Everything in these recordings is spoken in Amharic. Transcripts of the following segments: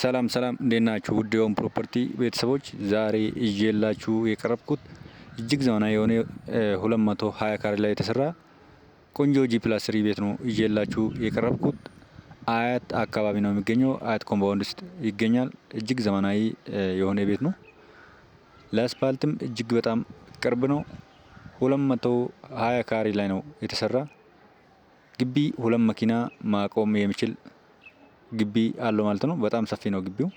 ሰላም ሰላም እንዴት ናችሁ? ውድ የሆም ፕሮፐርቲ ቤተሰቦች ዛሬ እዤላችሁ የቀረብኩት እጅግ ዘመናዊ የሆነ 220 ካሬ ላይ የተሰራ ቆንጆ ጂ ፕላስ ስሪ ቤት ነው እዤላችሁ የቀረብኩት። አያት አካባቢ ነው የሚገኘው። አያት ኮምፓውንድ ውስጥ ይገኛል። እጅግ ዘመናዊ የሆነ ቤት ነው። ለአስፓልትም እጅግ በጣም ቅርብ ነው። 220 ካሬ ላይ ነው የተሰራ ግቢ ሁለት መኪና ማቆም የሚችል ግቢ አለው ማለት ነው። በጣም ሰፊ ነው ግቢው።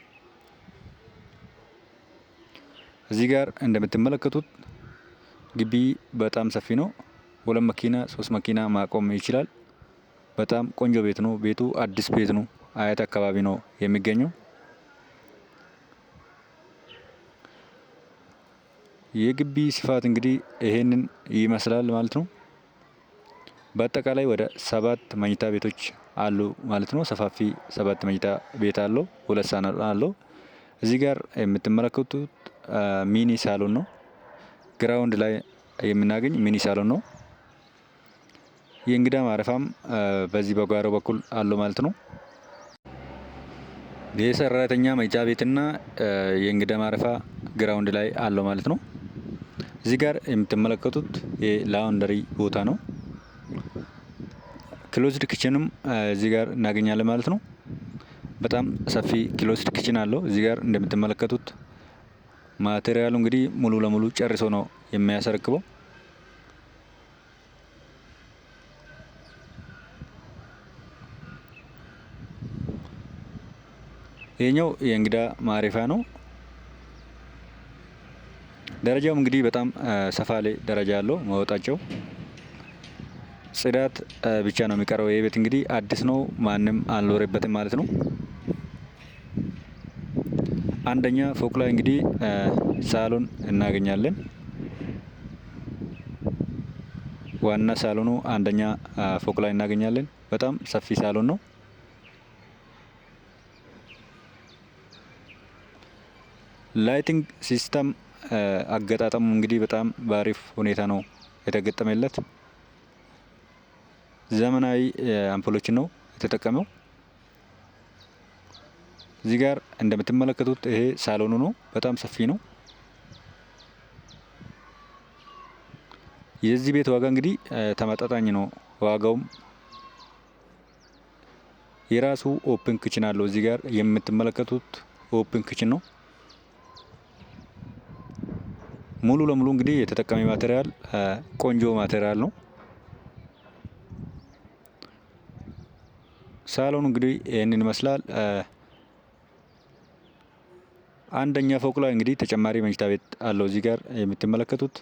እዚህ ጋር እንደምትመለከቱት ግቢ በጣም ሰፊ ነው። ሁለት መኪና ሶስት መኪና ማቆም ይችላል። በጣም ቆንጆ ቤት ነው። ቤቱ አዲስ ቤት ነው። አያት አካባቢ ነው የሚገኘው። የግቢ ስፋት እንግዲህ ይሄንን ይመስላል ማለት ነው። በአጠቃላይ ወደ ሰባት መኝታ ቤቶች አሉ ማለት ነው። ሰፋፊ ሰባት መኝታ ቤት አለው። ሁለት ሳሎን አለው። እዚህ ጋር የምትመለከቱት ሚኒ ሳሎን ነው። ግራውንድ ላይ የምናገኝ ሚኒ ሳሎን ነው። የእንግዳ ማረፋም በዚህ በጓሮ በኩል አለው ማለት ነው። የሰራተኛ መጫ ቤትና የእንግዳ ማረፋ ግራውንድ ላይ አለው ማለት ነው። እዚህ ጋር የምትመለከቱት የላውንደሪ ቦታ ነው። ክሎዝድ ክችንም እዚህ ጋር እናገኛለን ማለት ነው። በጣም ሰፊ ክሎዝድ ክችን አለው እዚህ ጋር እንደምትመለከቱት። ማቴሪያሉ እንግዲህ ሙሉ ለሙሉ ጨርሶ ነው የሚያስረክበው። ይህኛው የእንግዳ ማረፊያ ነው። ደረጃውም እንግዲህ በጣም ሰፋ ላይ ደረጃ አለው መወጣቸው ጽዳት ብቻ ነው የሚቀረው። ይህ ቤት እንግዲህ አዲስ ነው፣ ማንም አልኖረበትም ማለት ነው። አንደኛ ፎቅ ላይ እንግዲህ ሳሎን እናገኛለን። ዋና ሳሎኑ አንደኛ ፎቅ ላይ እናገኛለን። በጣም ሰፊ ሳሎን ነው። ላይቲንግ ሲስተም አገጣጠሙ እንግዲህ በጣም በአሪፍ ሁኔታ ነው የተገጠመለት። ዘመናዊ አምፖሎችን ነው የተጠቀመው። እዚህ ጋር እንደምትመለከቱት ይሄ ሳሎኑ ነው። በጣም ሰፊ ነው። የዚህ ቤት ዋጋ እንግዲህ ተመጣጣኝ ነው። ዋጋውም የራሱ ኦፕን ክችን አለው። እዚህ ጋር የምትመለከቱት ኦፕን ክችን ነው። ሙሉ ለሙሉ እንግዲህ የተጠቃሚ ማቴሪያል ቆንጆ ማቴሪያል ነው። ሳሎኑ እንግዲህ ይህንን ይመስላል። አንደኛ ፎቅ ላይ እንግዲህ ተጨማሪ መኝታ ቤት አለው። እዚህ ጋር የምትመለከቱት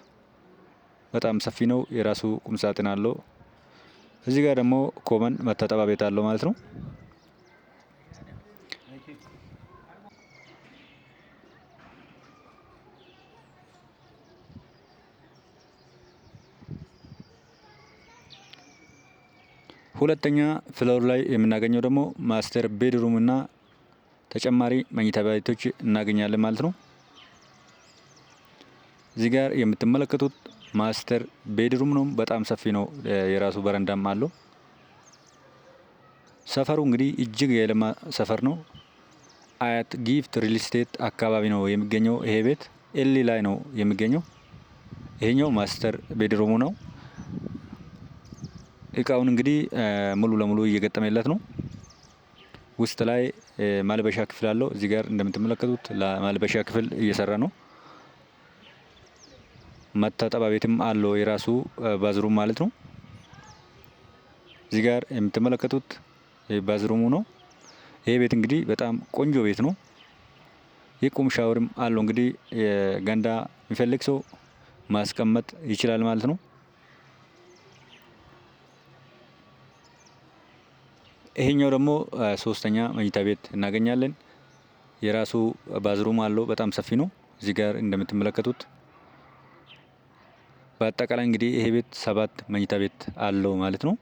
በጣም ሰፊ ነው። የራሱ ቁምሳጥን አለው። እዚህ ጋር ደግሞ ኮመን መታጠቢያ ቤት አለው ማለት ነው። ሁለተኛ ፍሎር ላይ የምናገኘው ደግሞ ማስተር ቤድሩም እና ተጨማሪ መኝታ ቤቶች እናገኛለን ማለት ነው። እዚህ ጋር የምትመለከቱት ማስተር ቤድሩም ነው። በጣም ሰፊ ነው። የራሱ በረንዳም አለው። ሰፈሩ እንግዲህ እጅግ የለማ ሰፈር ነው። አያት ጊፍት ሪል ስቴት አካባቢ ነው የሚገኘው። ይሄ ቤት ኤሊ ላይ ነው የሚገኘው። ይሄኛው ማስተር ቤድሩሙ ነው። እቃውን እንግዲህ ሙሉ ለሙሉ እየገጠመለት ነው። ውስጥ ላይ ማልበሻ ክፍል አለው። እዚህ ጋር እንደምትመለከቱት ለማልበሻ ክፍል እየሰራ ነው። መታጠቢያ ቤትም አለው የራሱ ባዝሩም ማለት ነው። እዚህ ጋር የምትመለከቱት ባዝሩሙ ነው። ይሄ ቤት እንግዲህ በጣም ቆንጆ ቤት ነው። የቁም ሻወርም አለው እንግዲህ ገንዳ የሚፈልግ ሰው ማስቀመጥ ይችላል ማለት ነው። ይሄኛው ደግሞ ሶስተኛ መኝታ ቤት እናገኛለን። የራሱ ባዝሩም አለው። በጣም ሰፊ ነው። እዚህ ጋር እንደምትመለከቱት በአጠቃላይ እንግዲህ ይሄ ቤት ሰባት መኝታ ቤት አለው ማለት ነው።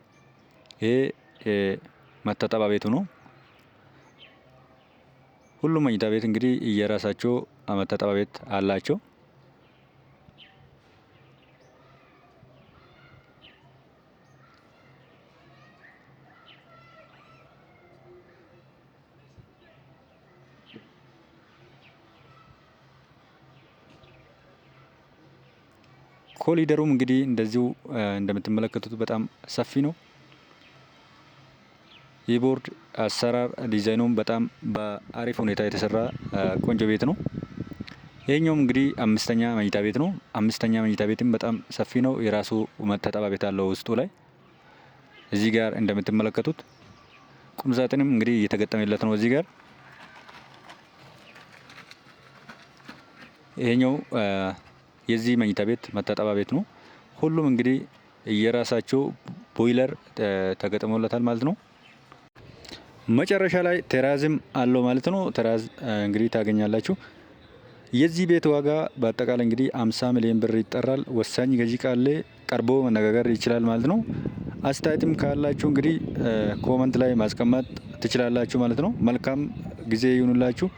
ይሄ መታጠቢያ ቤቱ ነው። ሁሉም መኝታ ቤት እንግዲህ የራሳቸው መታጠቢያ ቤት አላቸው። ኮሊደሩም እንግዲህ እንደዚሁ እንደምትመለከቱት በጣም ሰፊ ነው። የቦርድ አሰራር ዲዛይኑም በጣም በአሪፍ ሁኔታ የተሰራ ቆንጆ ቤት ነው። ይሄኛውም እንግዲህ አምስተኛ መኝታ ቤት ነው። አምስተኛ መኝታ ቤትም በጣም ሰፊ ነው። የራሱ መታጠቢያ ቤት አለው ውስጡ ላይ እዚህ ጋር እንደምትመለከቱት ቁምሳጥንም እንግዲህ እየተገጠመለት ነው። እዚህ ጋር ይሄኛው የዚህ መኝታ ቤት መታጠቢያ ቤት ነው። ሁሉም እንግዲህ የራሳቸው ቦይለር ተገጥሞለታል ማለት ነው። መጨረሻ ላይ ቴራዝም አለው ማለት ነው። ቴራዝ እንግዲህ ታገኛላችሁ። የዚህ ቤት ዋጋ በአጠቃላይ እንግዲህ 50 ሚሊዮን ብር ይጠራል። ወሳኝ ገዢ ካለ ቀርቦ መነጋገር ይችላል ማለት ነው። አስተያየትም ካላችሁ እንግዲህ ኮመንት ላይ ማስቀመጥ ትችላላችሁ ማለት ነው። መልካም ጊዜ ይሁንላችሁ።